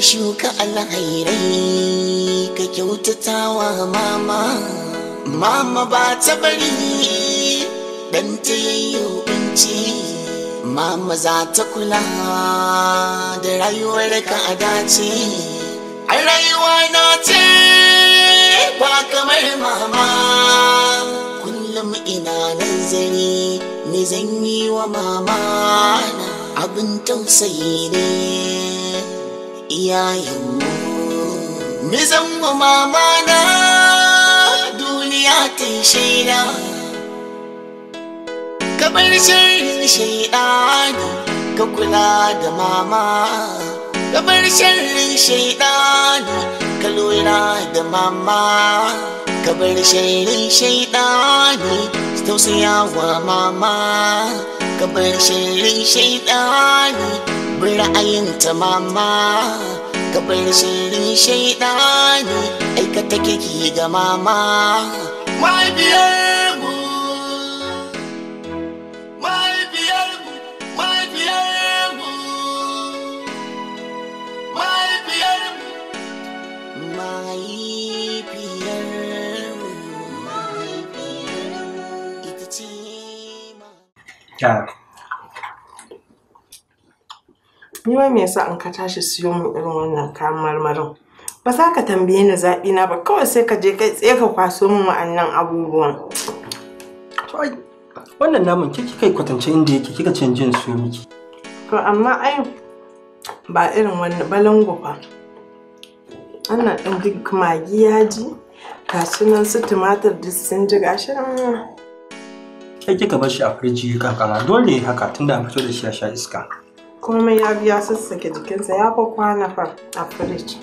shuka alhairai ka kyautata wa mama mama ba ta bari dan ta yayyubinci mama za ta kula da rayuwar ka a dace rayuwa na ce ba kamar mama kullum ina zari ni zan yi wa mama abin tausayi ne iyayenmu Nizan mu mama na duniya ta shaida Kamar shirin shaidani ka kula da mama Kamar shirin shaidani ka lura da mama Kamar shirin shaidani tausaya mama Kamar shirin shaidani bi ra'ayin ta mama ka bar shirin shaidani aikata kiki ga mama mahaifiyar ni wai me yasa in ka tashi siyo min irin wannan kayan marmarin ba za ka tambaye ni zaɓi na ba kawai sai ka je kai tsaye ka kwaso min wa'annan abubuwan wannan namun ke kika yi kwatance inda yake kika canje jin siyo miki to amma ai ba irin wannan balango fa wannan ɗin duk magi ya ji su nan su tumatir duk sun ji gashi nan kai kika bar shi a firiji kankana dole haka tunda an fito da shi a sha iska komai ya biya sassake jikinsa ya fa kwana fa a fridge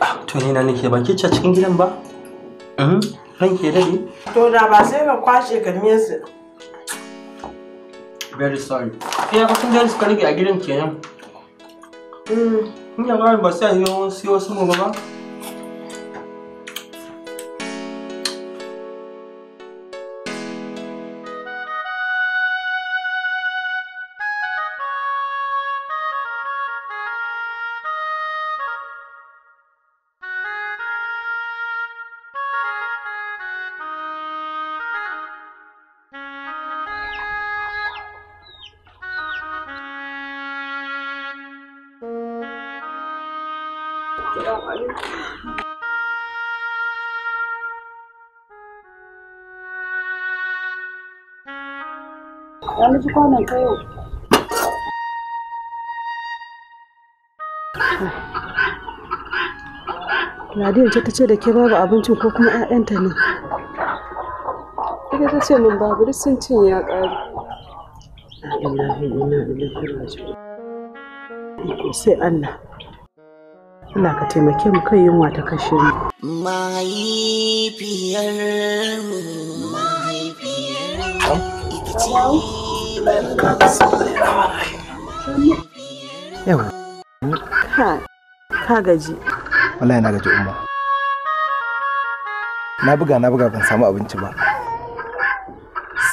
ah, to ni na nake ba ke cikin gidan ba mm-hmm. ke dade to da ba sai ba kwashe ka su. very sorry ina kusan gani suka rage a gidan kenan mm. ina ba sai a siyo wasu mu ba ji kwanan yau ce ta ce da ke babu abincin ko kuma 'ya'yanta ne. Ita ta ce min babu duk sun cin ya ƙari. Sai Allah. Allah ka taimake mu kai yunwa ta kashe mu. Mahaifiyar mahaifiyar mu. Yau. Ka, gaji. Wallahi na gaji umma. Na buga na buga ban samu abinci ba.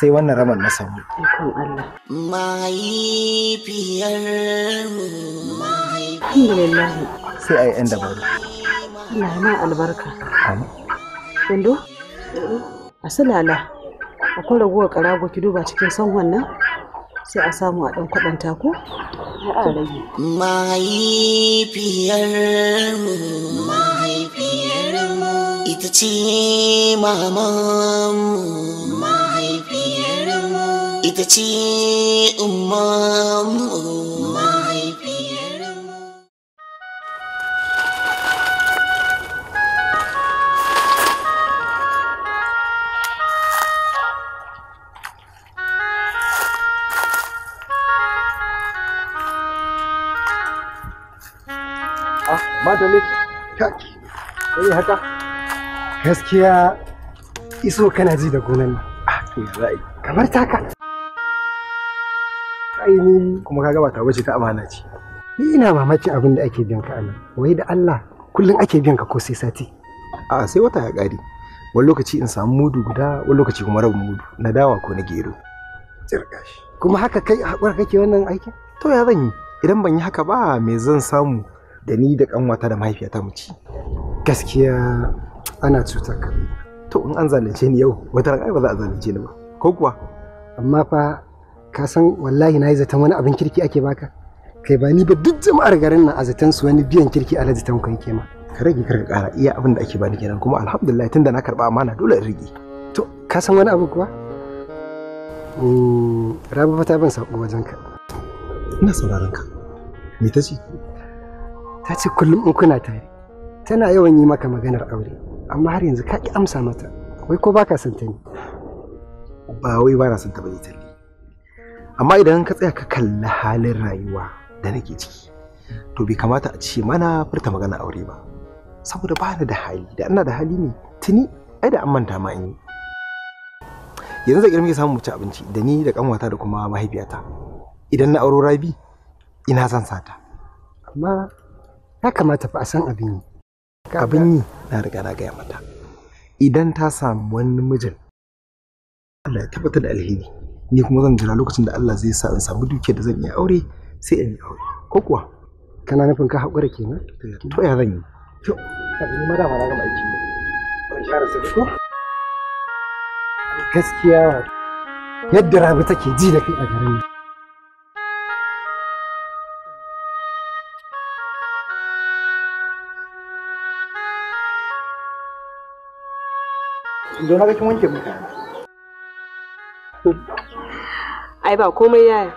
Sai wannan raman na samu. Ikon Allah. Mahaifiyar Alhamdulillah. Sai a yi 'yan dabaru. Allah ma albarka. Amin. Asalala. Akwai raguwar ƙarago ki duba cikin son wannan? sai a samu a ɗan kwaɗanta ko a rage. Mahaifiyarmu mahaifiyarmu ita ce mamanmu mahaifiyarmu ita ce umarmu. madalik kaki yayi eh, haka gaskiya iso kana ji da gonan nan ah, to ya kamar taka ni kuma ka ba ta ta amana ce ni ina mamakin abin da ake biyan ka Allah wai da Allah kullum ake biyan ka ko sai sati a sai wata ya kare wani lokaci in samu mudu guda wani lokaci kuma rabin mudu na dawa ko na gero kuma haka kai haƙura kake wannan aikin to ya zan yi idan ban yi haka ba me zan samu da ni da kanwata da mahaifiyata mu ci gaskiya ana cutar ka to in an zalunce ni yau wata ran ai ba za a zalunce ni ba ko kuwa amma fa ka san wallahi na yi zaton wani abin kirki ake baka kai ba ni ba duk jama'ar garin nan a zaton su wani biyan kirki a alhaji tanko yake ma ka rage ka kara iya abin da ake bani kenan kuma alhamdulillah tunda na karba amana dole in rage to ka san wani abu kuwa mm, rabu fata ta ban sako wajenka ina sauraron ka me ta ce ta ce kullum in kuna tare tana yawan yi maka maganar aure amma har yanzu ka ki amsa mata wai ko baka santa ta ne ba wai ba na son ta bane talle amma idan ka tsaya ka kalli halin rayuwa da nake ciki to bai kamata a ce mana furta magana aure ba saboda ba da hali da ina da hali ne tuni ai da an manta ma in yi. yanzu da muke samu abinci da ni da kanwata da kuma mahaifiyata idan na auro rabi ina son sata amma ya kamata fa a san abin yi abin yi na riga na gaya mata idan ta samu wani mijin Allah ya tabbatar da alheri ni kuma zan jira lokacin da Allah zai sa in samu dukiyar da zan yi aure sai in yi aure ko kuwa kana nufin ka haƙura kenan to ya zan yi to ni ma mara na gama aiki ne ban share su ko gaskiya yadda rabi take ji da kai a garin zo na ga kin wanke ai ba komai yaya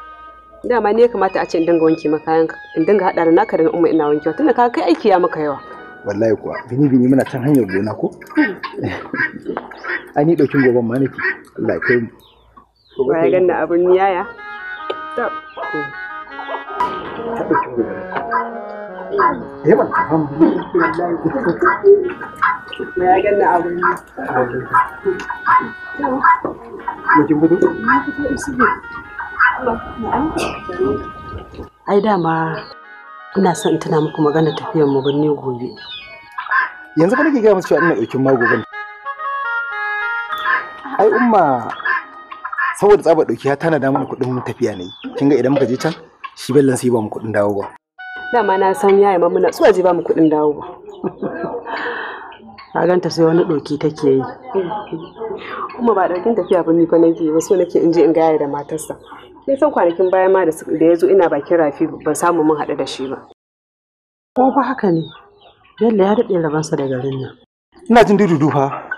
dama ne kamata a ce in dinga wanke maka in dinga hada da naka da umma ina wankewa tunda ka kai aiki ya maka yawa wallahi kuwa bini bini muna can hanyar gona ko ai ni ɗaukin goban ma nake Allah ya kai mu ko ya ganna abun yaya Ya ba ta me ya ai dama ina son tana muku magana tafiyar mu birni gobe yanzu ka nake gaya musu cewa ina ɗaukin magoban ai umma saboda tsaba ɗauki ya tana da mana kuɗin tafiya ne kin ga idan muka je can shi bellan sai ba mu kuɗin dawo ba dama na san yaya mamu na tsuwa zai ba mu kuɗin dawo ba a ganta sai wani ɗoki take yi kuma ba ɗaukin tafiya ba ni fa nake ba so nake in je in gaya da matarsa sai san kwanakin baya ma da ya zo ina bakin rafi ban samu mun hada da shi ba ko fa haka ne yalla ya raban sa da garin nan ina jin dudu fa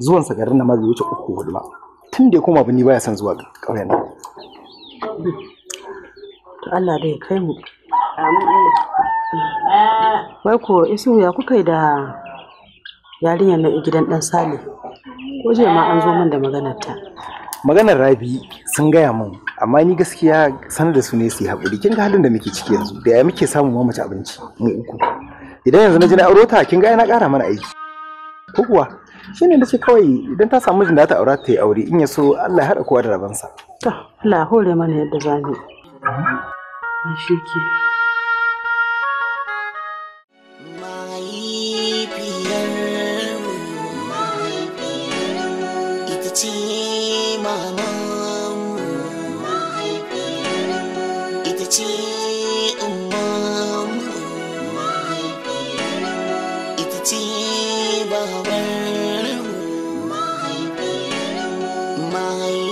zuwansa garin nan ma zai wuce uku hudu tun da ya koma ba ni baya son zuwa ƙauyen nan to Allah dai kai mu Wai ko isu ya kuka yi da yarinyar na gidan ɗan Sale? Ko je ma an zo min da maganar ta. Maganar Rabi sun gaya min amma ni gaskiya sanar da su ne su yi haƙuri kin ga halin da muke ciki yanzu da ya muke samu ma mace abinci mu uku idan yanzu na ji na aure ta kin ga na ƙara mana aiki ko kuwa shi ne ce kawai idan ta samu mijin da ta aura ta yi aure in ya so Allah ya haɗa kowa da rabansa. To, Allah hore mana yadda za mu. Shi ke. my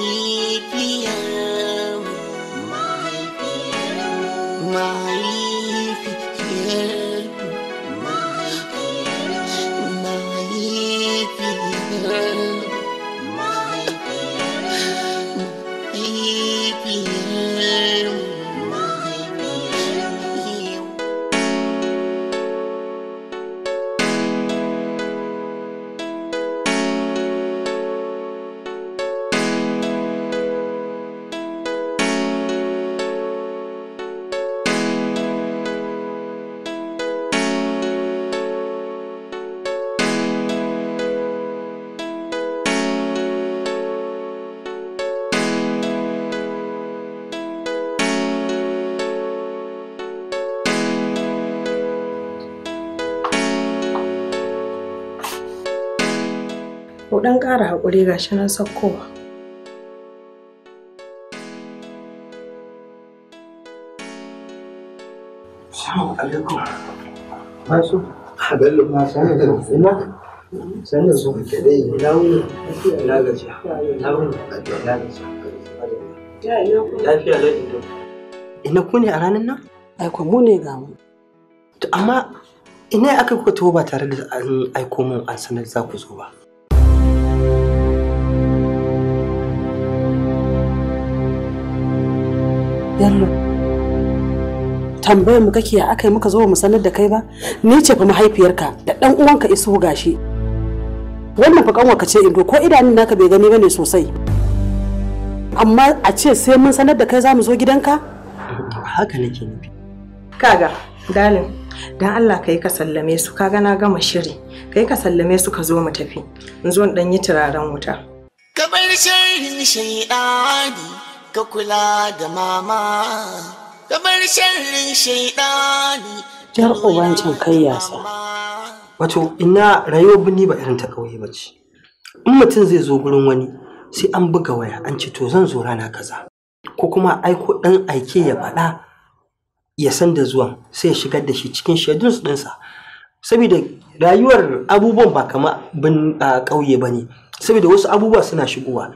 dan ƙara hakuri, ga shi nan sakkowa. Salamu alaikum. Masu, su da ina? su ke dai ina wuni, ina gajiya, ina wuni, ina gajiya. Lafiya lai Ina ku ne a ranar nan? Aiko mu ne ga mu. Amma ina aka kuka taho ba tare da an aiko mun an sanar za ku zo ba. Bello. Tambayar mu kake ya aka yi muka zo mu sanar da kai ba? Ni ce fa mahaifiyarka da ɗan uwanka isu gashi. Wannan fa kanwa kace indo ko idanun naka bai gani bane sosai. Amma a ce sai mun sanar da kai za mu zo gidanka? Haka nake nufi. Kaga, dalin, dan Allah ka ka sallame su kaga na gama shiri. kai ka sallame su ka zo mu tafi. In zo in yi turaren wuta. Kabar sharrin shaiɗani ka kula da mama ka bar sharrin shaidani jar ubancin kai yasa wato ina rayuwar bini ba irin ta ƙauye ba ce in mutum zai zo gurin wani sai an buga waya an ce to zan zo rana kaza ko kuma aiko ɗan aike ya faɗa ya san da zuwan sai ya shigar da shi cikin su dinsa? saboda rayuwar abubuwan ba kama bin ƙauye ba ne saboda wasu abubuwa suna shigowa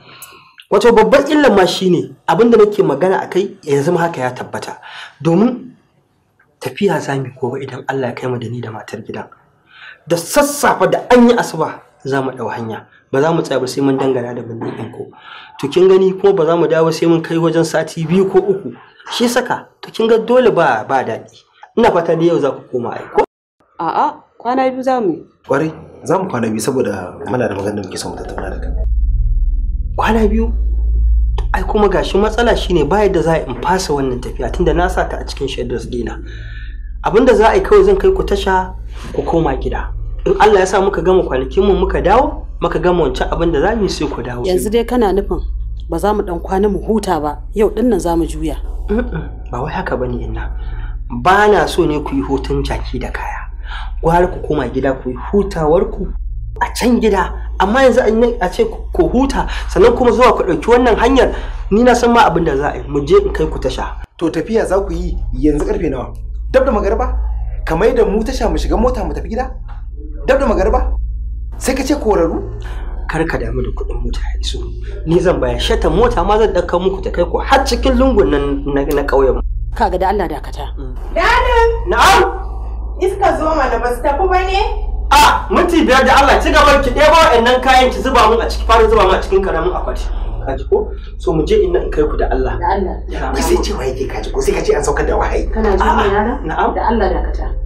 wato babban illan ma shine abin da nake magana akai yanzu ma haka ya tabbata domin tafiya za mu gobe idan Allah ya kai mu da ni da matar gidan da sassafe da an yi asuba za mu ɗau hanya ba za mu tsaya ba sai mun dangana da bindigin ko to kin gani kuma ba za mu dawo sai mun kai wajen sati biyu ko uku shi saka to kin ga dole ba ba daɗi ina fata da yau za ku koma ai ko a'a kwana biyu za mu yi kwarai za mu kwana biyu saboda muna da maganar da muke son mu tattauna da kai kwana biyu ai kuma gashi matsala shine ba yadda za a in fasa wannan tafiya tunda na sa ta a cikin shaidar dina abinda za a yi kawai zan kai ku tasha ku koma gida in Allah ya sa muka gama kwanakin mu muka dawo muka gama wancan abin da za mu sai ku dawo yanzu dai kana nufin ba za mu dan kwana mu huta ba yau din nan za mu juya ba wai haka bane inna ba na so ne ku yi hutun jaki da kaya gwara ku koma gida ku yi hutawar ku a can gida amma yanzu a ce ko huta sannan kuma zuwa ku ɗauki wannan hanyar ni na san ma abin da za a yi mu je in kai ku tasha to tafiya za ku yi yanzu karfe nawa dab da magarba kamar da mu tasha mu shiga mota mu tafi gida dab da magarba sai ka ce korarru kar ka damu da kuɗin mota ya iso ni zan bayar shata mota ma zan ɗauka muku ta kai ku har cikin lungun nan na ƙauyen kaga da Allah dakata mm. dadin na'am iska zo mana ba su tafi ba ne a minti biyar da Allah ci gaban ki ɗebo wa'annan kayan ki zuba mun a ciki fara zuba mun a cikin karamin akwati ji ko so mu je inna in kai ku da Allah da Allah sai ce waye ke ji ko sai ka ce an saukar da wahayi kana jin na'am da Allah dakata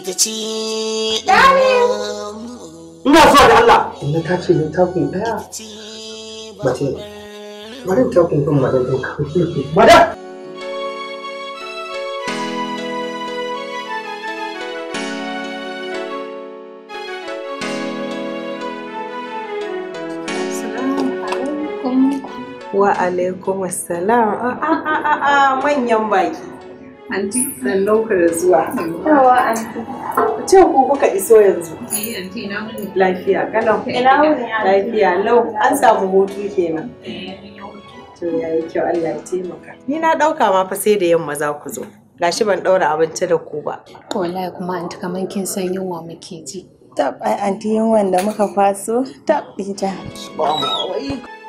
ita ce ina so da Allah inda ta ce takun daya mace bari kun madan din ka madan wa alaikum assalam ah, ah, ah, manyan baki anti sannan ku da zuwa yawa anti ce ku kuka iso yanzu eh anti na mun lafiya kana ina mun lafiya lau an samu hutu kenan eh, to yayi kyau Allah ya taimaka ni na dauka ma fa sai da yamma za ku zo gashi ban daura abinci da ku ba wallahi kuma anti kaman kin san yunwa muke ji tab ai anti yunwan da muka kwaso tab ita subhanallahi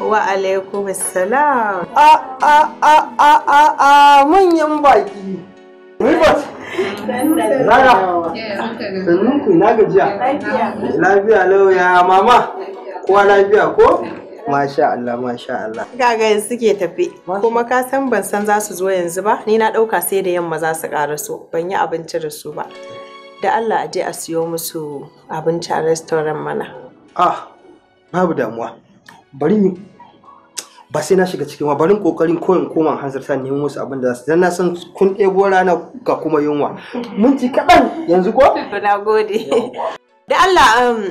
wa alaikum salam a a a a a a manyan baki Ribot Rara sannan ku na gajiya lafiya lau ya mama kuwa lafiya ko Masha Allah, masha Allah. Gaga yanzu suke tafi, kuma ka san ban san za su zo yanzu ba, ni na ɗauka sai da yamma za su so, ban yi abinci da su ba. Da Allah a je a siyo musu abinci a restaurant mana. Ah, babu damuwa. bari ba sai na shiga cikin wa barin kokarin koyon koma hanzarta neman wasu abin da dan na san kun ɗebo rana ga kuma yunwa mun ci kaɗan yanzu ko na gode da Allah um,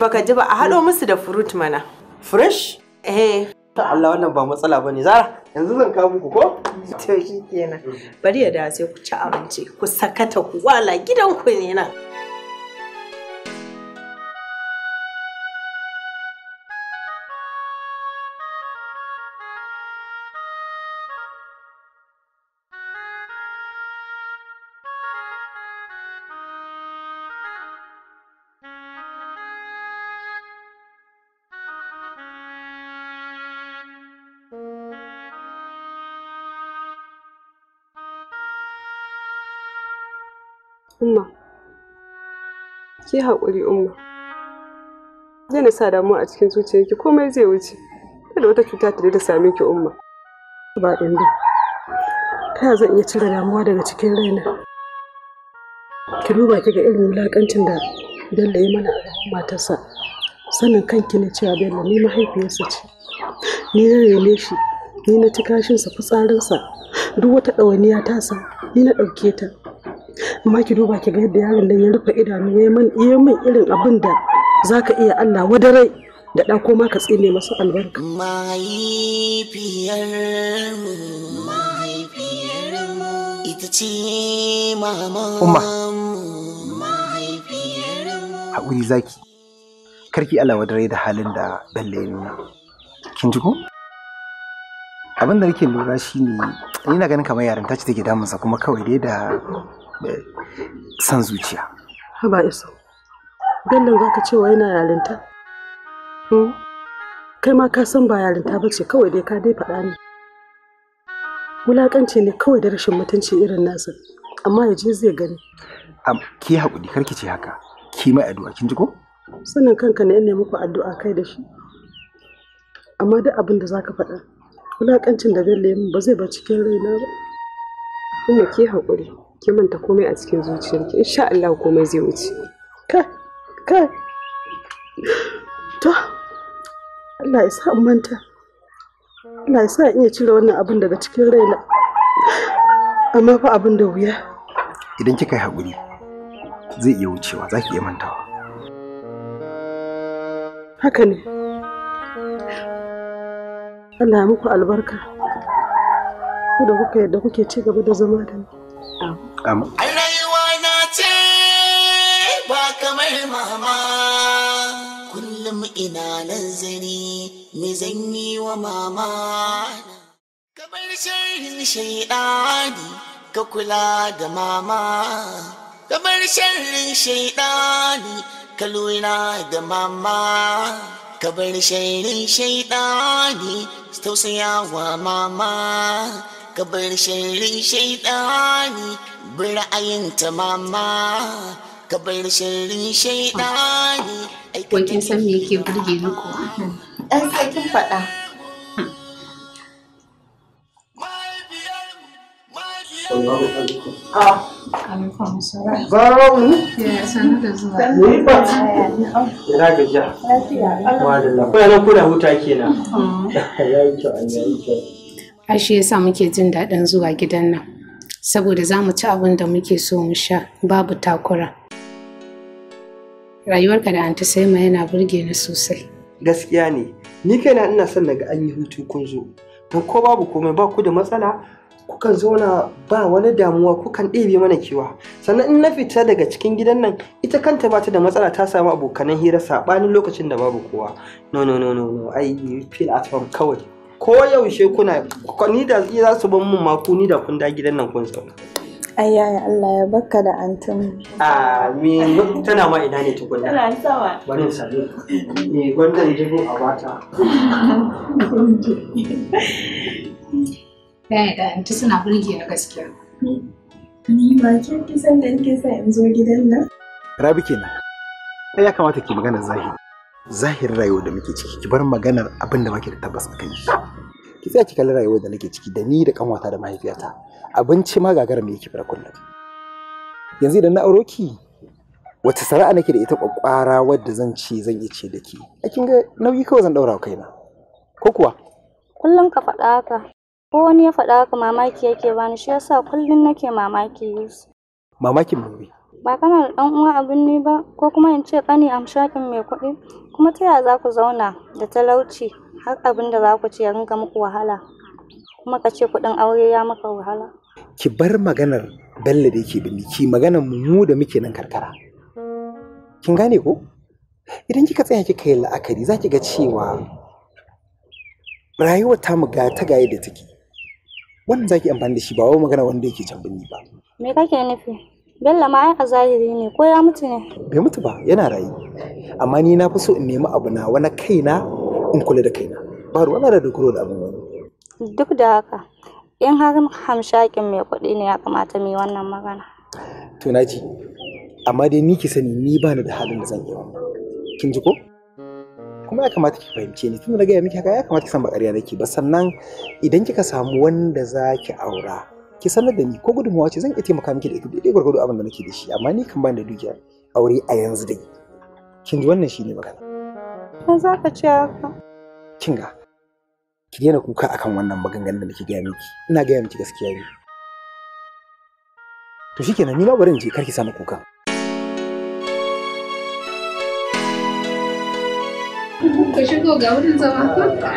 baka ji ba a haɗo musu da fruit mana fresh eh ta Allah wannan ba matsala bane zara yanzu zan kawo muku ko to shikenan bari ya da sai ku ci abinci ku sakata ku wala gidan ku ne nan Umma, ki haƙuri Umma. Zai sa damuwa a cikin zuciyarki komai zai wuce. Kada wata cuta ta da same ki Umma. Ba ɗin Ta zan iya cire damuwa daga cikin raina. Ki duba ki ga irin wulaƙancin da Bello ya mana a matarsa. Sanin kanki ne cewa Bello ni mahaifiyarsa ce. Ni na rene shi, ni na ci kashinsa fitsarinsa, duk wata ɗawainiya tasa, ni na ɗauke ta. amma ki duba ki ga yadda yaron da ya rufe idanu ya man iya min irin abin da zaka iya Allah wadarai da ɗan koma ka tsine masa albarka mahaifiyar mahaifiyar ita ce mama umma hakuri zaki karki Allah wadarai da halin da Bello ya nuna kin ji ko abin da nake lura shine ina ganin kamar yarinta ce take damunsa kuma kawai dai da san zuciya haba iso bello za ka cewa yana yalinta hmm? kai ma ka san ba yalinta ba ce kawai dai ka dai faɗa ni wulaƙanci ne kawai da rashin mutunci irin nasa amma ya je zai gani am ki haƙuri karki ce haka ki mai addu'a kin ji ko sanin kanka ne ne muku addu'a kai da shi amma duk abin da zaka faɗa wulaƙancin da bello ya min ba zai ba cikin raina ba kuma ki haƙuri ki manta komai a cikin zuciyarki insha Allah komai zai wuce ka ka to Allah ya sa in manta Allah ya sa in iya cire wannan abin daga cikin raina amma fa abin da wuya idan kika yi haƙuri zai iya wucewa za ki iya mantawa haka ne Allah ya muku albarka ku da kuka yadda kuke ci gaba da zama da ni. rayuwa na ce ba kamar mama kullum ina nazari me zan yi wa mama kamar shaiɗa shaidani ka kula da mama kamar sharrin shaidani ka lura da mama ka bar shairin shaidani tausaya wa mama ka bar shirin shaidani bi ra'ayin ta mama ka bar shirin shaidani ko kin san me yake burge ni dan sakin Ya ah. eh, da zuwa. Ni ba. Oh. Ina gajiya. da lafiya. huta kenan. Oh. Ya yi kyau, yi kyau. har shi yasa muke jin daɗin zuwa gidan nan saboda za mu ci abin da muke so mu sha babu takura rayuwarka da sai saima yana burge ni sosai gaskiya ne ni kaina ina son naga an yi hutu kun zo don ko babu komai ba ku da matsala kukan zauna ba wani damuwa kukan ɗebe mana kewa sannan in na fita daga cikin gidan nan ita kanta ba ta da matsala ta samu abokanan hira saɓani lokacin da babu kowa no no no no no i feel at home kawai ko yaushe kuna ni da za su ban mun maku ni da kun da gidan nan kun sauka? Ayya ya Allah ya baka da antum amin tana ma ina ne tukunna tana sawa bari Ni eh, gwanda gwandan jibo a bata Yaya da anti suna burge na gaskiya ni ma kin kisan da nake sa in zo gidan nan Rabi kenan sai ya kamata ki magana zahiri zahirin rayuwar da muke ciki ki bar maganar abin da muke da tabbas a kai ki tsaya ki kalli rayuwar da nake ciki da ni da kanwata da mahaifiyata abinci ma gagara me yake fara kullum yanzu idan na auro ki wata sana'a nake da ita kwakwara wadda zan ce zan iya ce da ki a kin ga nauyi kawai zan daura kaina ko kuwa kullum ka faɗa haka ko wani ya faɗa haka mamaki yake bani shi yasa kullum nake mamaki Yusuf mamakin mu ba kana da dan uwa a binni ba ko kuma in ce kani ƙani shakin mai kuɗi kuma ta yaya za ku zauna da talauci har abin da za ku ci ya ringa muku wahala kuma ka ce kuɗin aure ya maka wahala ki bar maganar bello da yake binni ki maganar mu da muke nan karkara kin gane ko idan kika tsaya kika yi la'akari za ki ga cewa rayuwar ta ga ta gaye da take wannan za ki amfani da shi ba wai magana wanda yake can binni ba me kake nufi Bello ma ai a zahiri ne ko ya mutu ne? Bai mutu ba yana rayu. Amma ni na fi so in nemi abu na wani kaina in kula da kaina. Ba ruwa da dogaro da abin wani. Duk da haka in har hamshakin mai kuɗi ne ya kamata mu yi wannan magana. To na ji. Amma dai ni ki sani ni ba ni da halin da zan yi wannan. Kin ji ko? kuma ya kamata ki fahimce ni tun da gaya miki haka ya kamata ki san ba ƙarya nake ba sannan idan kika samu wanda za ki aura ki sanar da ni ko gudunmawa ce zan iya taimaka miki da ita daidai gwargwado abin da nake da shi amma ni kan bani da dukiya aure a yanzu dai kin ji wannan shine magana ko za ka ce haka kin ga ki daina kuka akan wannan maganganun da nake gaya miki ina gaya miki gaskiya ne to shikenan ni ma barin in je kar ki sani kuka ka shigo ga wurin zama ka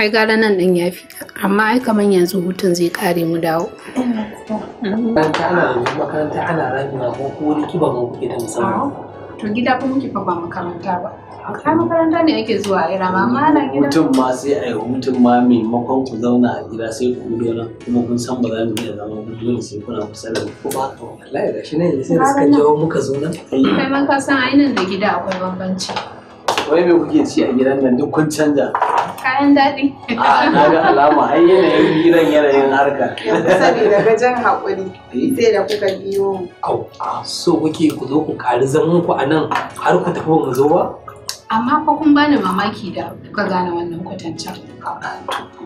ai gara nan din ya fi amma ai kamar yanzu hutun zai kare mu dawo makaranta ana yanzu makaranta ana ramewa ko kuma wani kiba mu ke da musamman to gida kuma muke fa ba makaranta ba a makaranta ne ake zuwa a rama amma ana gida hutun ma sai a yi hutun ma maimakon ku zauna a gida sai ku gudu nan kuma kun san ba za mu iya zama ku dole sai kuna kusa da ku ba to wallahi gashi ne sai da suka jawo muka zo nan kai man ka san ainihin da gida akwai bambanci wai me kuke ci a gidan nan duk kun canja kayan daɗi a na ga alama ai yanayin gidan yanayin harka saboda gajen haƙuri eh? sai da kuka biyo au so kuke ku zo ku ƙari zaman ku a nan har ku tafi mu zo ba amma fa kun bani mamaki da kuka gane wannan kwatancin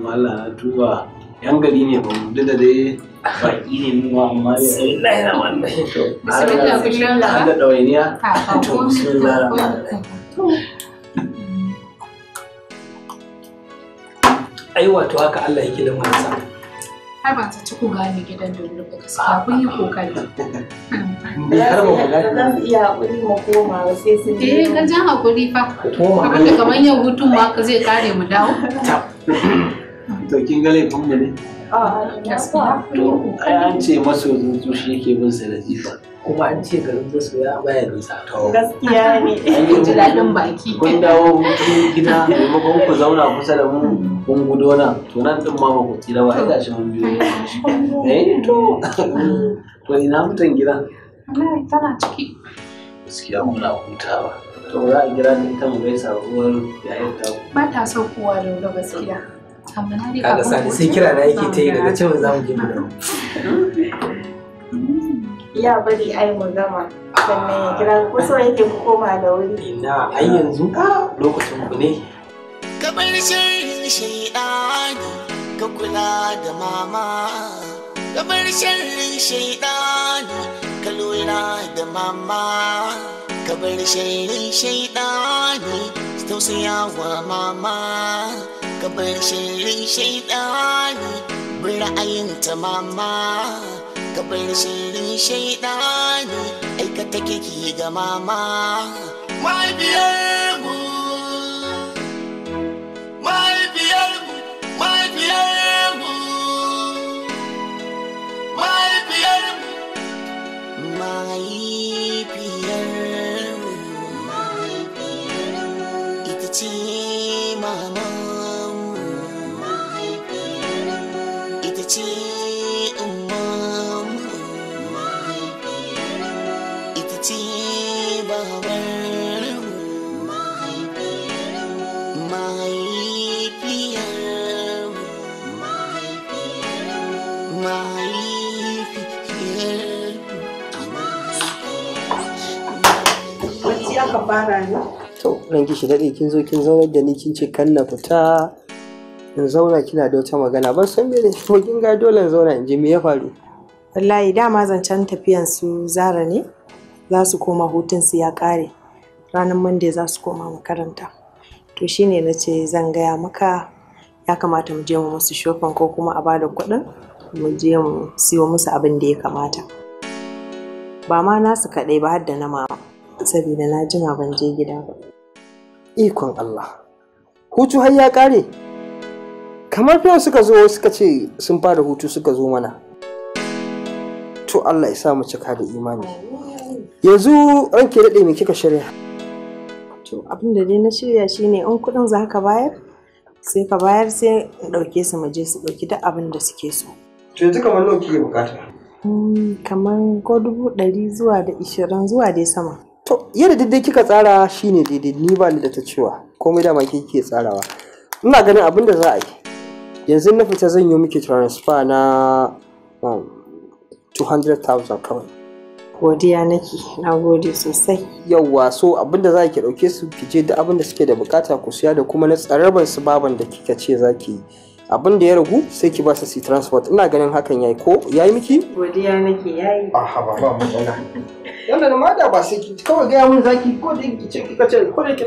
Wala na duba yan gari ne ba mu da dai baki ne mu amma da bismillah na wannan bismillah bismillah da dawainiya to bismillah ai wato haka Allah yake da mansa har ba ta ci ku gane gidan da wuri ba ka gaskiya kun yi kokari ne har ba ku gane ba iya hakuri mu koma ba sai sun eh kan jan hakuri fa kamar ba kamar yau hutun ma zai kare mu dawo to kin ga laifin mu ne to an ce maso zuzu shi yake bin sa latifa kuma an ce garin masoya baya nisa to gaskiya ne an ji daɗin baki kun dawo hutun gina maimakon ku zauna kusa da mu kun gudo nan to nan din ma ku tsira ba ai gashi mun biyo eh to to ina mutan gida wallahi tana ciki gaskiya muna hutawa to za a gira da ita mu gaisa uwar yayin ta ba ta saukowa da gaskiya kaga sani sai kira na yake ta yi daga cewa za mu je mu mm. ya bari ai mu gama sannan ya kira ko so yake ku koma da wuri na ai yanzu lokacin ku ne kamar sharrin shaidani ka kula da mama Ka kamar sharrin shaidani ka lura da mama Ka kamar sharrin shaidani tausayawa mama ka bar shirin shaidani bin ra'ayinta mama ka bar shirin shaidani aikata kiki ga mama mahaifiyar aka fara ne to ranki shi daɗe kin zo kin zaunar da ni kin ce kan na fita in zauna kina da wata magana ban san me ne ko kin ga dole in zauna in ji me ya faru wallahi dama zancen tafiyan su zara ne za su koma hutun su ya kare ranar monday za su koma makaranta to shine na ce zan gaya maka ya kamata mu je mu musu shofan ko kuma a bada kuɗin mu je mu siyo musu abin da ya kamata ba ma nasu kaɗai ba har da na mama saboda na jima ban je gida ba. Ikon Allah, hutu har ya ƙare. Kamar fiyan suka zo suka ce sun fara hutu suka zo mana. To Allah ya sa mu cika da imani. Yanzu ranke daɗe me kika shirya? To abin da dai na shirya shine in kuɗin za ka bayar? Sai ka bayar sai ɗauke su maje je su ɗauki duk abin da suke so. To yanzu kamar nawa kike bukata? Hmm, kamar ko dubu ɗari zuwa da ishirin zuwa dai sama. yadda daidai kika tsara shine daidai ni ba ni da ta cewa komai dama ke ke tsarawa ina ganin abin da za a yi yanzu na fita zan yi miki transfer na 200,000 um, kawai godiya nake na gode sosai yauwa so da za ki ɗauke su ki je duk da suke da bukata ku siya da kuma na tsarabar su baban da kika ce za ki yi abin da ya ragu sai ki ba su si transport ina ganin hakan yayi ko yayi miki godiya nake yayi aha ba ba matsala wannan ma da ba sai ki kawai ga mun zaki ko da ki ce ki kace ko da ki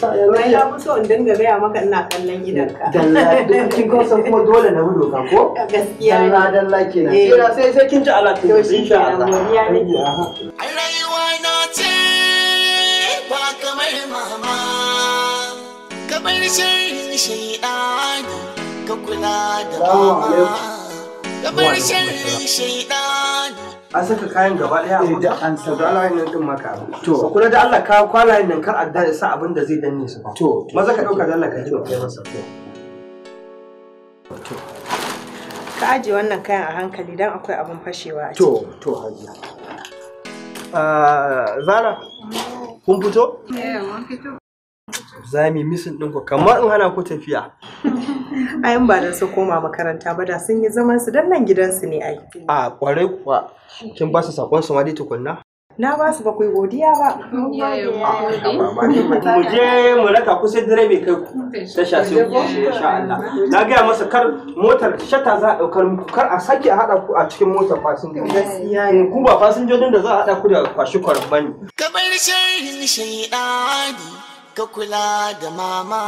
sa ya na ya fito in dinga ga maka ina kallon gidanka dalla kin ko kuma dole na hudu ka ko gaskiya dalla dalla kenan sai eh. sai sai kin ji alatu insha Allah godiya nake rayuwa na ce ba kamar mama kamar shirin shay'a ka kula da mama kamar sharrin shaidan an saka kayan gaba daya a eh, da an saka alayin nan din maka to so kula da Allah ka kwalayen nan kar adda ya sa abin da zai danne su ba to maza ka dauka da Allah ka jima kai masa to ka aje wannan kayan a hankali dan akwai abin fashewa a to to hajiya ah, zara kun fito? Eh, mun fito. za mu yi misin ɗinku kamar in hana ku tafiya. Ayan ba da su koma makaranta ba da sun yi zaman su nan gidansu ne ai. A kwarai kuwa kin ba su sakon su ma dai tukunna. Na ba su bakwai godiya ba. Ah, mu je mu raka ku sai mai kai ku tasha sai ku insha Allah. Na gaya masa kar motar shata za a ɗaukar muku kar a sake a hada ku a cikin motar fasinjoji. Gaskiya ne. Eh, ku ba fasinjojin da za a haɗa ku da kwashi kwarin bane. Kamar shehin shaidani. ka kula da mama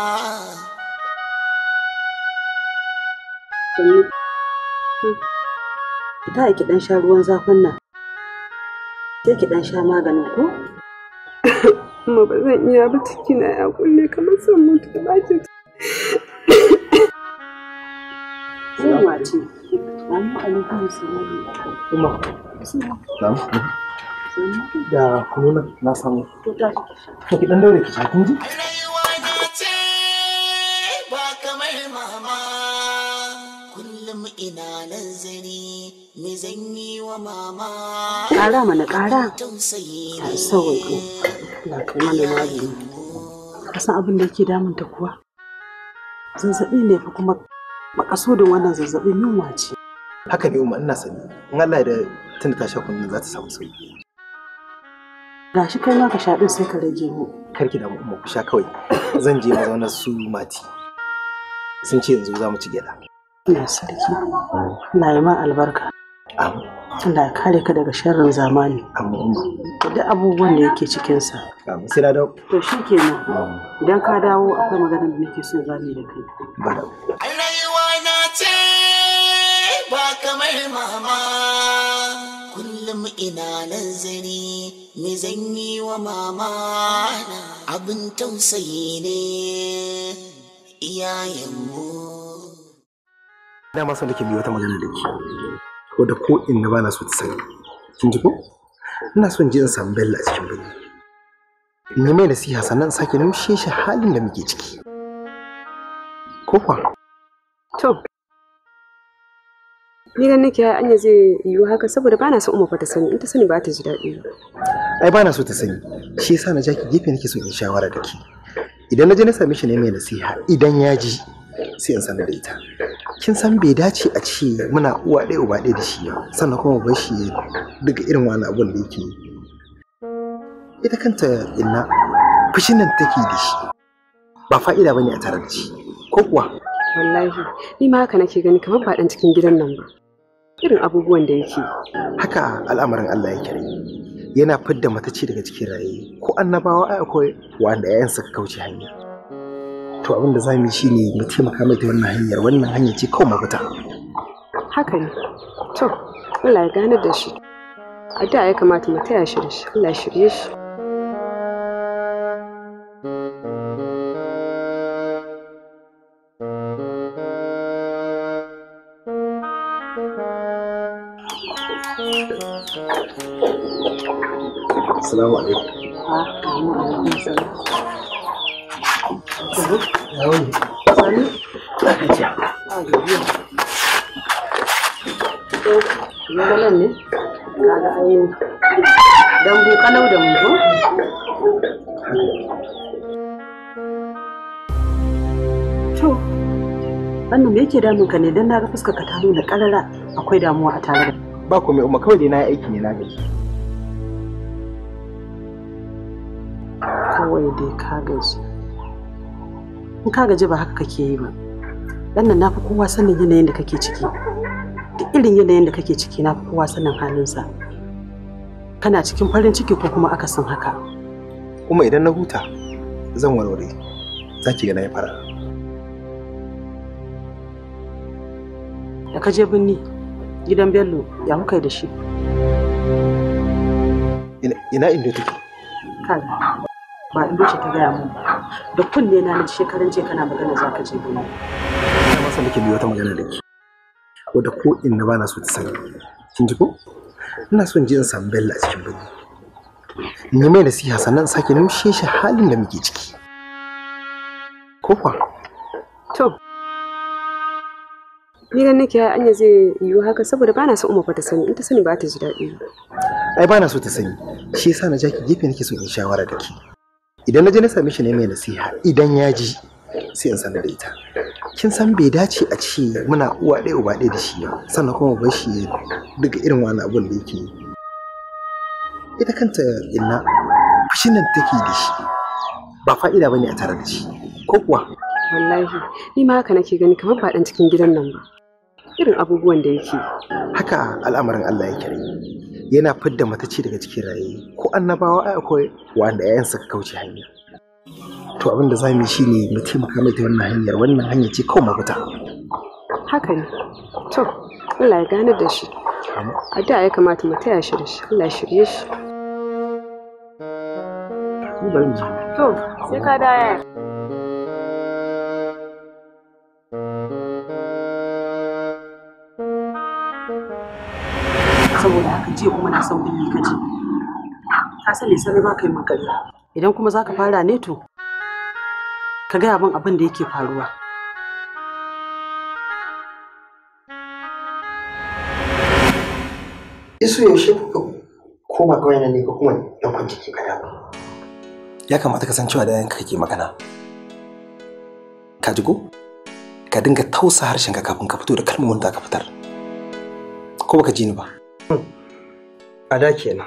ta yi kiɗan sha ruwan zafin nan sai sha maganin ko amma ba zan iya ba ciki ya kulle kamar son mutu da bakin Zan wace amma kuma da kununa na samu to ki dan daure ki kin ji ina nan zani me zan yi wa mama ƙara mana ƙara a sauwaƙe na kai mana magani kasan abin da yake ta kuwa zazzaɓi ne fa kuma makasudin wannan zazzaɓin yunwa ce haka ne umma ina sani in Allah da tun ta sha kunni za ta samu sauki Ga shi kai ma ka sha ɗin sai ka rage mu. Karki da mu ku sha kawai. Zan je zauna su mati. Sun ce yanzu za mu ci gyada. Ina sarki. Na yi ma albarka. Amin. Allah kare ka daga sharrin zamani. Amin. Da abubuwan da yake cikinsa. Amin. Sai na dawo. To shi kenan. Idan ka dawo akwai maganar da nake so za mu da kai. Ba da. yi wa na ce ba kamar mama. kullum ina nazari me zan yi wa mama abin tausayi ne iyayenmu dama sau nake bi wata magana da ke ko da ko inna ba na so ta sani kin ji ko ina in ji in samu bella a cikin bani ni mai nasiha sannan sake nushe shi halin da muke ciki ko kuwa to ni ganin nake ya anya zai yiwu haka saboda bana son umma ta sani in ta sani ba ta ji daɗi ai bana so ta sani shi yasa na jaki gefe nake so in shawara da ke idan na je na same shi ne mai nasiha idan ya ji sai in sanar da ita kin san bai dace a ce muna uwa ɗaya uba ɗaya da shi ba sannan kuma bar shi daga irin wani abun da yake ita kanta inna fushin nan take da shi ba fa'ida bane a tare da shi ko kuwa wallahi ni ma haka nake gani kamar ba dan cikin gidan nan ba irin abubuwan da yake haka al'amarin Allah yake rai yana fidda matacce daga cikin raye ko annabawa ai akwai wanda yayan suka kauce hanya to abin da zamu yi shine mu taimaka mai ta wannan hanyar wannan hanya ce kawai mafita haka ne to Allah ya gane da shi a da ya kamata mu taya shi da shi Allah ya shirye shi Assalamu alaikum. Zogalan To, wannan me yake damun ka ne don na ga fuskar ka ta nuna karara akwai damuwa a tare da. Ba komai, umma kawai dai na yi aiki ne na gaji. kawai dai ka gaji in ka gaji ba haka kake yi ba dan nan nafi kowa sanin yanayin da kake ciki duk irin yanayin da kake ciki nafi kowa sanin halinsa kana cikin farin ciki ko kuma akasin haka kuma idan na huta zan warware za ki ga na fara da ka je birni gidan bello ya muka yi da shi ina inda take kaga ba in ce ta gaya mun ba da kunne na na shekaran ce kana magana za ka je gona ina masa nake biyo ta magana da ke wadda ko in na so ta sani kin ji ko ina son je in samu bella a cikin birni ni mai nasiha sannan sake nushe shi halin da muke ciki ko kwa to ni ganin nake anya zai yiwu haka saboda bana so umma ta sani in ta sani ba ta ji daɗi ai bana so ta sani shi yasa na ki gefe nake so in shawara da ke idan na je na same shi ne mai nasiha idan ya ji sai in sanar da ita kin san bai dace a ce muna uwa ɗaya uba ɗaya da shi ba sannan kuma bar shi duka irin wani abun da yake ita kanta inna fushin nan take da shi ba fa'ida bane a tare da shi ko kuwa wallahi ni ma haka nake gani kamar ba dan cikin gidan nan ba irin abubuwan da yake haka al'amarin Allah ya yake yana fidda matacce daga cikin raye ko annabawa ai akwai wanda yayan suka kauce hanya to abin da zamu shi ne mu taimaka mai ta wannan hanyar wannan hanya ce kawai mafita haka ne to Allah ya gane da shi a da ya kamata mu taya shi da shi Allah ya shirye shi to sai ka da a sauƙi ka ji ka sani sanar ba ka yi magana idan kuma za ka fara ne to ka gaya min abin da yake faruwa isu yaushe kuka koma kawai nan ne ko kuma ɗaukar jiki ka dawo ya kamata ka san cewa da yanka kake magana ka ji ko ka dinga tausa harshenka kafin ka fito da kalmomin da ka fitar ko ba ka ji ni ba hmm. a kenan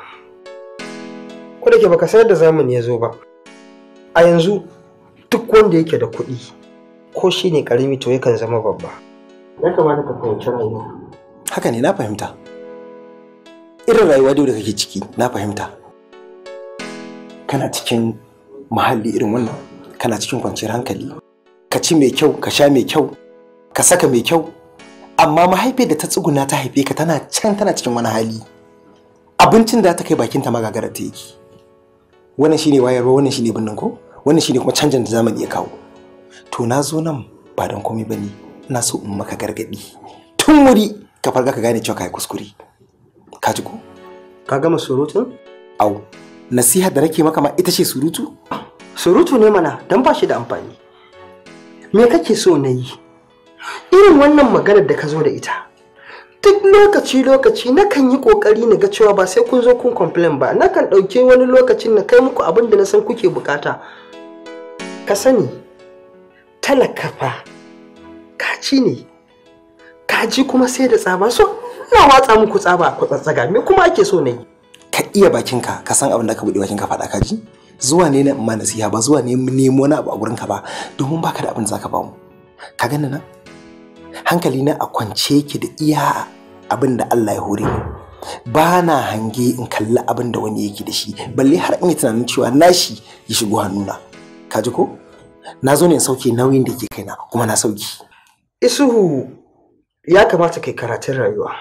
ko da ke baka sayar da zamani ya zo ba a yanzu duk wanda yake da kuɗi ko shi ne ƙarami to yakan zama babba ya kamata ka fahimci rayuwa haka ne na fahimta irin rayuwa da kake ciki na fahimta kana cikin muhalli irin wannan kana cikin kwanciyar hankali ka ci mai kyau ka sha mai kyau ka saka mai kyau amma mahaifiyar da ta tsuguna ta haife ka tana can tana cikin wani hali abincin da ta kai bakinta magagara ta yake wannan shine wayarwa wannan shine binnin ko wannan shine kuma canjin da zamani ya kawo to na zo nan ba don komai bane ina so in maka gargadi tun wuri ka farga ka gane cewa kai kuskure ka ji ko ka gama surutu au nasiha da nake maka ma ita ce surutu surutu ne mana don ba shi da amfani me kake so na yi irin wannan maganar da ka zo da ita duk lokaci-lokaci na kan yi kokari na ga cewa ba sai kun zo kun complain ba na kan ɗauke wani lokacin na kai muku abin da na san kuke bukata ka sani talaka fa ci ne ka ji kuma sai da tsaba so na watsa muku tsaba ku tsatsaga me kuma ake so ne ka iya bakinka ka san abin da ka buɗe bakinka faɗa kaji zuwa ne na ma nasiha ba zuwa ne nemo na abu a gurinka ba domin baka da abin da zaka ba mu ka gani na hankali na a kwance yake da iya abin da Allah ya hore ni ba na hange in kalli abin da wani yake da shi balle har in yi tunanin cewa shi ya shigo hannuna ka ji ko na zo ne in sauke nauyin da ke kai na, kuma na sauki isuhu ya kamata kai karatun rayuwa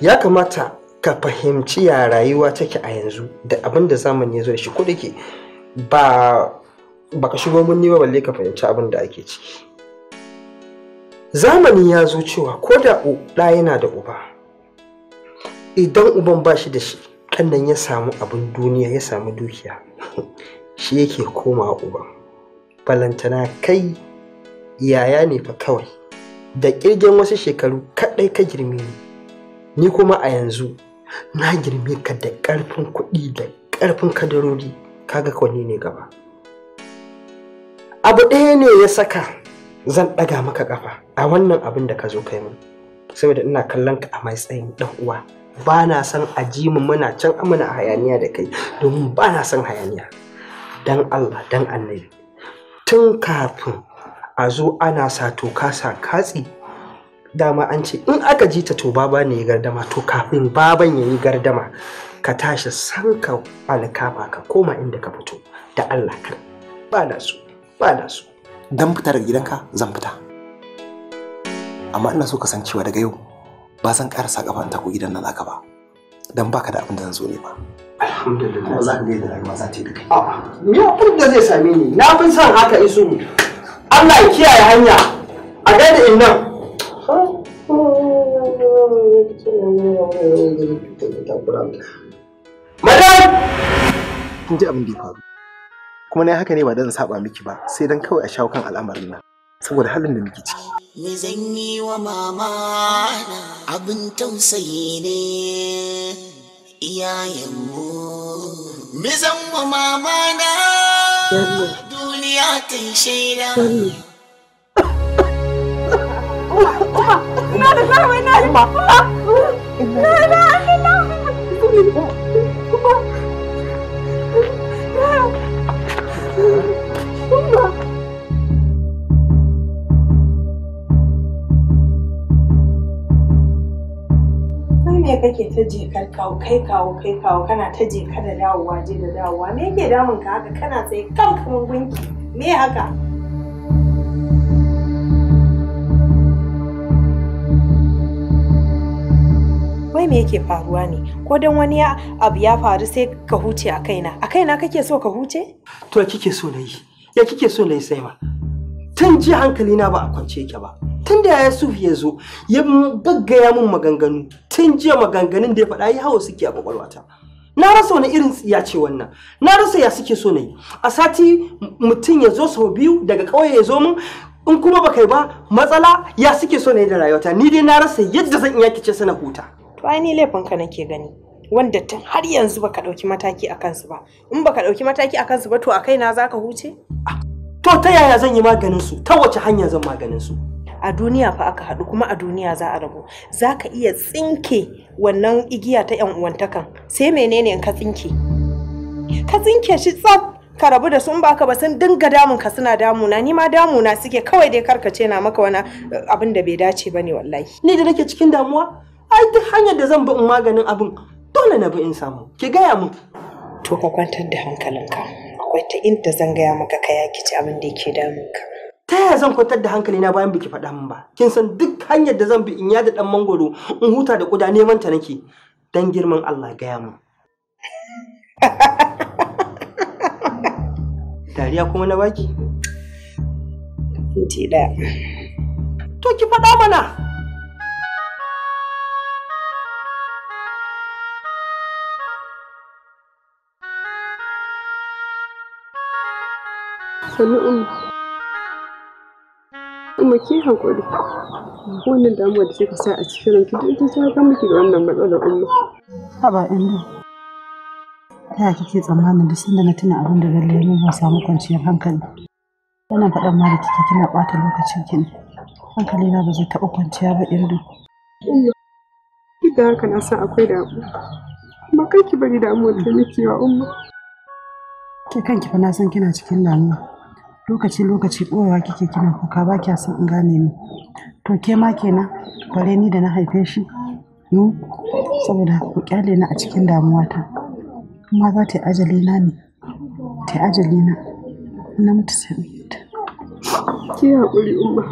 ya kamata ka fahimci ya rayuwa take a yanzu da abin da zamani ya zo da shi ko da ke ba ka shigo mun ba balle ka fahimci abin da ake ciki zamani ya zo cewa ko da ɗa yana da uba idan uban ba shi da shi ɗannan ya samu abin duniya ya samu dukiya shi yake koma uban balantana kai yaya ne fa kawai da ƙirgin wasu shekaru kaɗai ka girme ni ni kuma a yanzu na girme ka da ƙarfin kuɗi da ƙarfin kadarori kaga kwani ne gaba abu ɗaya ne ya saka zan ɗaga maka ƙafa a wannan abin da ka zo kai mun saboda ina kallon ka a matsayin dan uwa ba na san a ji mu muna can amana hayaniya da kai domin ba na son hayaniya dan Allah dan annabi tun kafin a zo ana sa toka sa katsi dama an ce in aka ji ta to baba ne ya gardama to kafin baban ya yi gardama ka tashi san ka alkama ka koma inda ka fito da Allah kan ba na so ba na so dan fita daga gidanka zan fita amma ina so ka san cewa daga yau ba zan ƙarasa ƙafa in tako gidan nan naka ba dan baka da abin da zan zo ne ba alhamdulillah za ka ga yadda rayuwa za ta yi da kai me abin da zai same ni na fi son haka isu Allah ya kiyaye hanya a gaida in nan madam kin ji abin da ya faru kuma na haka ne ba dan saba miki ba sai dan kawai a shawo kan al'amarin nan saboda halin da muke ciki Me zan wa mama abin tausayi ne iyayenmu. Me zan wa mama na duniya ta yi shaida. Oh, my. ne kake ta jikar kawo kai kawo kai kawo kana ta jika da dawowa je da dawowa me yake damun ka haka kana tsaye kan kuma gunki me haka wai me yake faruwa ne ko dan wani abu ya faru sai ka huce a kaina a kaina kake so ka huce to kike so na yi ya kike so na yi sai ba tun ji hankali na ba a kwance yake ba tun da ya sufi ya zo ya gaggaya min maganganu tun jiya maganganun da ya faɗa ya hawa suke a kwakwalwata na rasa wani irin ya ce wannan na rasa ya suke so na yi a sati mutum ya zo sau biyu daga ƙauye ya zo mun, in kuma baka yi ba matsala ya suke so na yi da rayuwata ni dai na rasa yadda zan iya kice sana huta to ai ni laifin ka nake gani wanda tun har yanzu baka ɗauki mataki a kansu ba in baka ɗauki mataki a kansu ba to a kaina zaka huce to ta yaya zan yi maganin su ta wace hanya zan maganin su a duniya fa aka haɗu kuma a duniya za a rabu za ka iya tsinke wannan igiya ta yan uwantakan sai menene ka tsinke ka tsinke shi tsaf ka rabu da sun baka ba sun dinga damun ka suna damuna ni ma damuna suke kawai dai karkace na maka wani eh, abin da bai dace ba ne wallahi ni da nake cikin damuwa ai duk hanyar da zan bi in maganin abin dole na bi in samu ki gaya mu to ka kwantar da hankalinka akwai ta inda zan gaya maka ka yaki abin da yake damunka ta yaya zan kwantar da hankali na bayan biki faɗa min ba kin san duk hanyar da zan bi in yada dan mangoro in huta da kuda neman ta nake dan girman Allah gaya mu dariya kuma na baki kinti ɗaya. To ki faɗa mana. Sami'un kuma ki haƙuri wannan damuwa da kika sa a cikin ranki duk ita ta ga miki da wannan matsalar umma haba inda ta yaya kike tsammanin da sanda na tuna abin da lalle ne ba samu kwanciyar hankali wannan faɗan ma da kike kina ɓata lokacin ki hankali na ba zai taɓa kwanciya ba inda duk da haka na san akwai damuwa amma kai ki bari damuwar da nake wa umma ke kanki fa na san kina cikin damuwa lokaci lokaci ɓoyewa kike kina kuka ba kya san in gane ni to ke ma kenan bare ni da na haife shi Ni hmm? saboda ku kyale ni a cikin damuwata kuma za ta yi ajali na ne ta yi ajali na na mutu sami ta ki haƙuri umma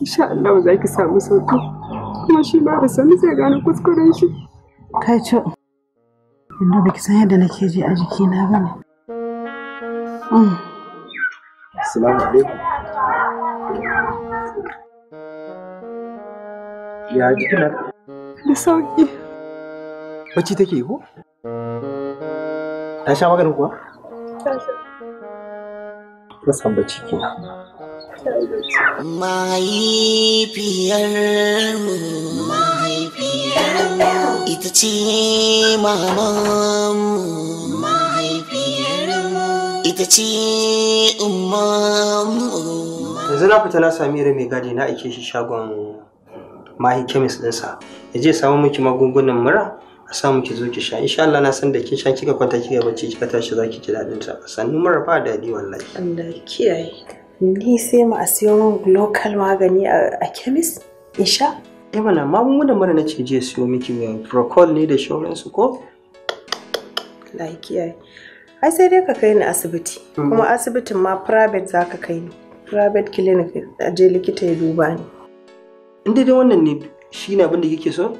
insha Allah za ki samu sauƙi kuma shi ba da sani zai gane kuskuren shi kai ce inda ki san yadda nake ji a jikina ba ne hmm. Assalamu alaikum. Ya jikin naka? Da sauki. Bacci take ko? Ta sha maganin kuwa? Ta sha. Masan bacci kenan. Mahaifiyarmu mahaifiyarmu ita ce mamanmu. ita ce umarmu yanzu na fita na sami rami gadi na aike shi shagon mahi kemis dinsa, ya je samu miki magungunan mura a samu ki zo ki sha insha Allah na san da kin sha kika kwanta kika bacci kika tashi za ki ji ta sannu mura ba daɗi wallahi Allah kiyaye ni sai mu a siyo min local magani a kemis in sha eh mana magungunan mura nace je siyo miki eh, procol ne da shauransu ko Allah kiyaye ai sai dai ka kai ni asibiti mm. kuma asibitin ma private za ka kai ni private clinic a je likita ya duba ni in dai wannan ne shi ne abin da kike so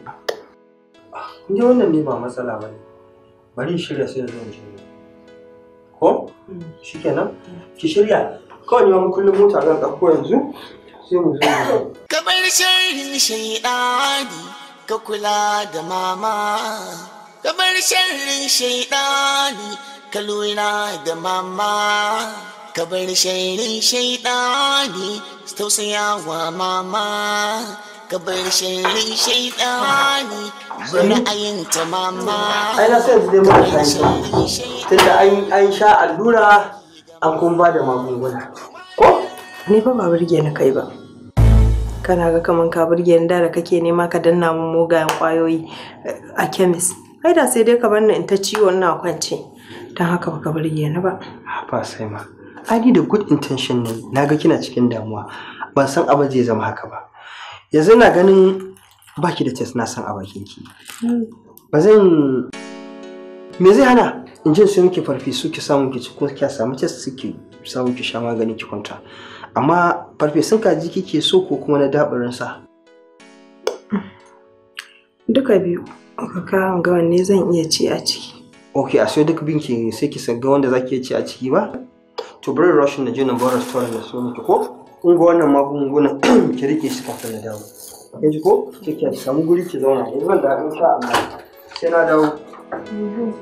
in dai wannan ne ba matsala ba ne bari shirya sai in je ko mm. nan, ki shirya kawai ni ma kullum mota zan ɗauko yanzu sai mu zo ka bar sharrin shaidani ka kula da mama ka bar sharrin shaidani kaluna da mama ka bar shairin shaidani tausayawa mama ka bar shairin shaidani bari ta mama ai na sai zai mara shairin tunda an sha allura an kun ba da magunguna ko ni ba ba burge ni kai ba kana ga kaman ka burge ni da kake nema ka danna mun mugayen kwayoyi eh, a kemis ai da sai dai ka bar ni in ta ciwon na kwance don haka baka burge ni ba ah, ba sai ma ani da good intention ne naga kina cikin damuwa ban san abin zai zama haka ba yanzu na ganin baki da test na san a ki hmm. ba zan me zai hana in jin sai muke farfesu ki samu ki ci ko ki samu test ki samu ki sha magani ki kwanta amma farfesun kaji kike so ko kuma na dabarin sa duka biyu ka kawo ga wanne zan iya ci a ciki ok a sai duk binki sai ki sagga wanda zaki ci a ciki ba to bari rashin na je na bar restaurant na so miki ko in ga wannan magungunan ki rike shi kafin na dawo kin ji ko ki ki samu guri ki zauna yanzu da in sha Allah sai na dawo mhm.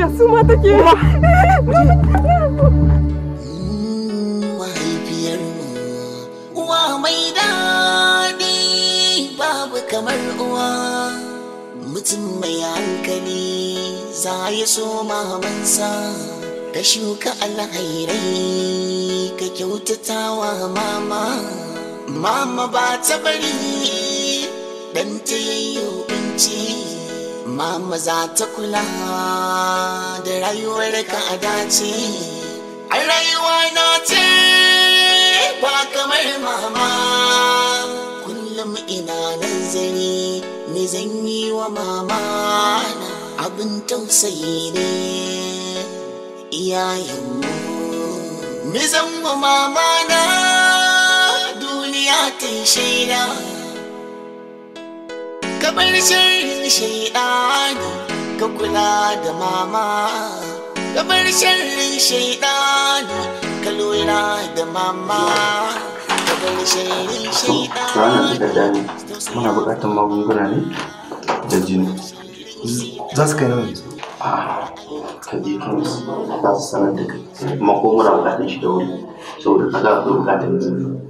ya su ma take uwa mai babu kamar uwa mutum mai hankali za ya so mamansa ka shuka alhairai ka kyautata wa mama mama ba ta bari dan ta mama za ta kula da rayuwar ka a dace a rayuwa na ce ba kamar mama kullum ina nazari me zan yi wa mama abin tausayi ne iyayenmu me zan wa mama na duniya ta yi shaida kamar sharrin shaidani ka kula da mama kamar sharrin shaidani ka lura da mama kamar sharrin shaidani muna buƙatar magunguna ne da jini za su kai nan ah, ka je kan za su sanar da kai kuma ko muna buƙatar shi da wuri saboda kaga akwai buƙatar jini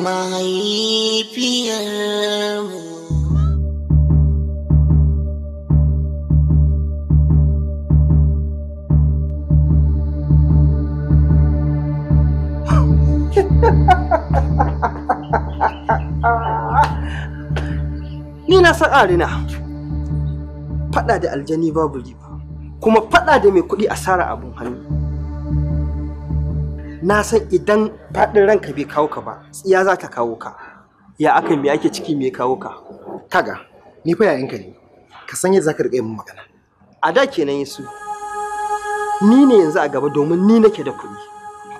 mahaifiyarmu ni na san arina faɗa da aljani babu riba kuma faɗa da mai kuɗi asara abun hannu na san idan faɗin ranka bai kawo ka ba tsiya za ta kawo ka ya aka me ake ciki me kawo ka kaga ni fa ka ne ka san yadda zaka rika yin magana a da kenan yesu ni ne yanzu a gaba domin ni nake da kuɗi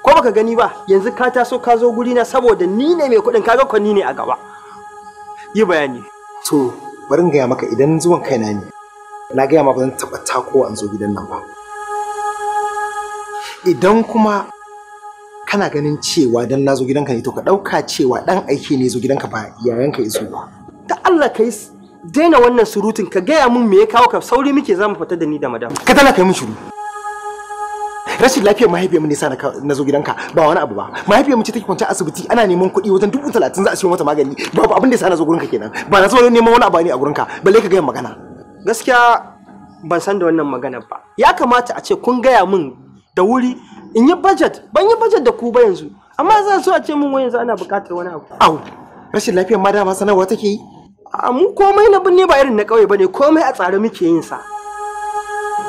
ko baka gani ba yanzu ka taso ka zo guri na saboda ni ne mai kuɗin kaga ko ni ne a gaba yi bayani to bari in gaya maka idan zuwan kaina ne na gaya ma ba zan taɓa takowa an zo gidan nan ba idan kuma kana ganin cewa dan na zo gidanka ne to ka ɗauka cewa dan aiki ne zo gidanka ba yayanka iso ba. Ta Allah kai daina wannan surutun ka gaya mun me ya kawo ka sauri muke za mu fita da ni da madam. Ka tana kai mun shiru. Rashin lafiyar mahaifiyar mu ne sa na zo gidanka ba wani abu ba. Mahaifiyar mu ce take kwance asibiti ana neman kuɗi wajen dubu talatin za a siyo mata magani babu abin da ya sa na zo gurinka kenan ba na zo neman wani abu ne a gurinka balle ka gaya magana. Gaskiya ban san da wannan magana ba. Ya kamata a ce kun gaya mun da wuri in yi budget ban yi budget da ku ba yanzu amma za su a ce mun yanzu ana buƙatar wani abu au rashin lafiyar ma dama sanarwa take yi a mu komai na binne ba irin na ƙauye ne komai a tsare muke yin sa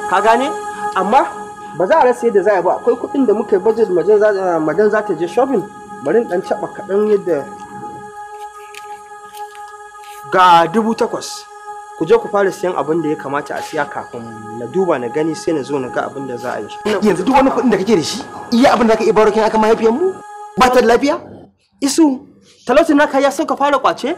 ka gane amma ba za a rasa yadda za a ba akwai kuɗin da muka yi budget majan za eh, ta je shopping bari dan caɓa kaɗan yadda ga dubu takwas ku je ku fara siyan abin da ya kamata a siya kafin na duba na gani sai na zo na ga abin da za a yi yanzu duk wani kuɗin da kake da shi iya abin da ka iya barokin aka mahaifiyar mu ba ta da lafiya isu talotin naka ya sauka fara kwace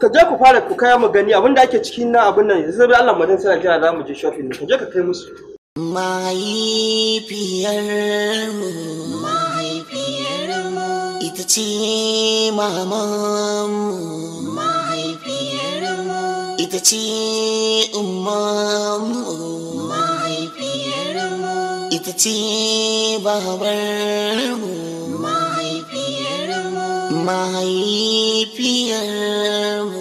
ka je ku fara ku kaya mu gani abin da ake cikin na abin nan yanzu Allah madan sai jira za mu je shopping ka je ka kai musu mahaifiyar mu mahaifiyar mu ita ce mamanmu ita ce umarmu mahaifiyarmu ita ce babarmu mahaifiyarmu mahaifiyarmu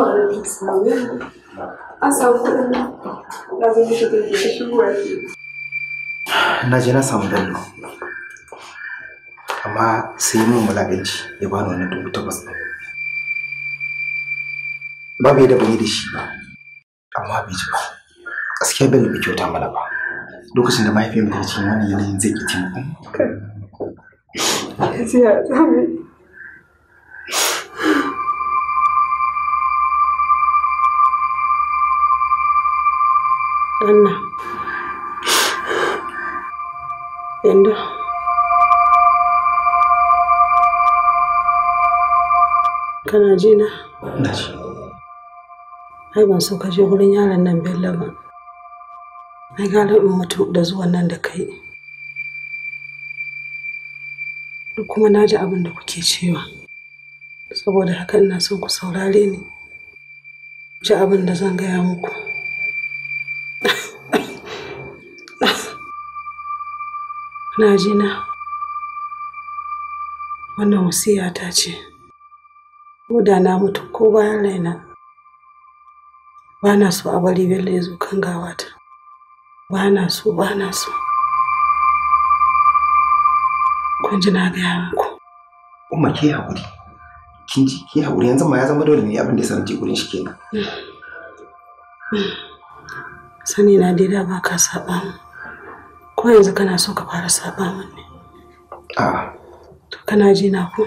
mahaifiyarmu Na je na samu amma sai mun wulaƙanci ya ni wannan dubu takwas ɗin ba bai ban yi da shi ba amma bai ji ba gaskiya bai bai kyauta mana ba lokacin da mahaifiyar ta ce wani yanayin zai ki taimako Anna. Yanda. Kana ji na? Na Ai ban so ka je wurin yaron nan Bello ba. Ai gara in mutu da zuwan nan da kai. Kuma na ji abin da kuke cewa. Saboda haka ina son ku saurare ni. Ji abin da zan gaya muku. Na ji na. Wannan wasiya ta ce. ko da na mutu ko bayan raina ba na so a bari bello ya zo kan gawata ba na so ba na so kun ji na gaya muku umma ke haƙuri kin ji ke haƙuri yanzu ma ya zama dole ne abin da ya sanar je gurin shi kenan sani na dai da ba ka saba mu ko yanzu kana so ka fara saba mu ne a'a to kana ji na ku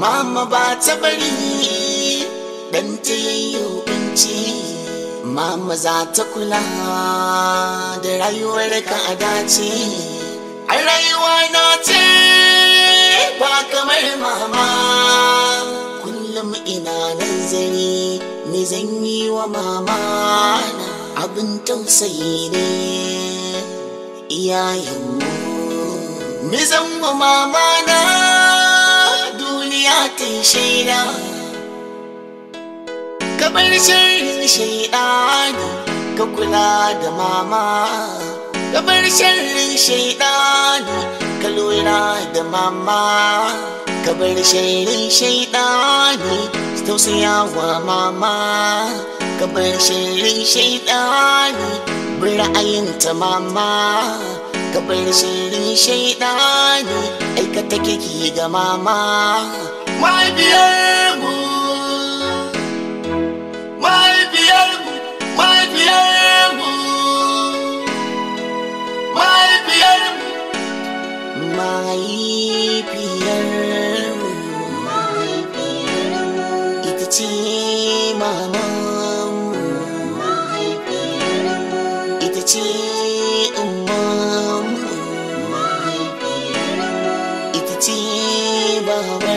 mama ba ta bari dan ta yayyo binci mama za ta kula da rayuwar ka a dace a rayuwa na ce ba kamar mama kullum ina nazari me zan yi wa mama abin tausayi ne iyayenmu me zan wa mama na salatin shaida kamar sharrin shaidani ka kula da mama kamar sharrin shaidani ka lura da mama kamar sharrin shaidani tausayawa mama kamar sharrin shaidani bin ra'ayinta mama ka bar shaidani aikata kiki ga mama mahaifiyarmu mahaifiyarmu mahaifiyarmu mahaifiyarmu mahaifiyarmu mahaifiyarmu ita ce mamanmu mahaifiyarmu ita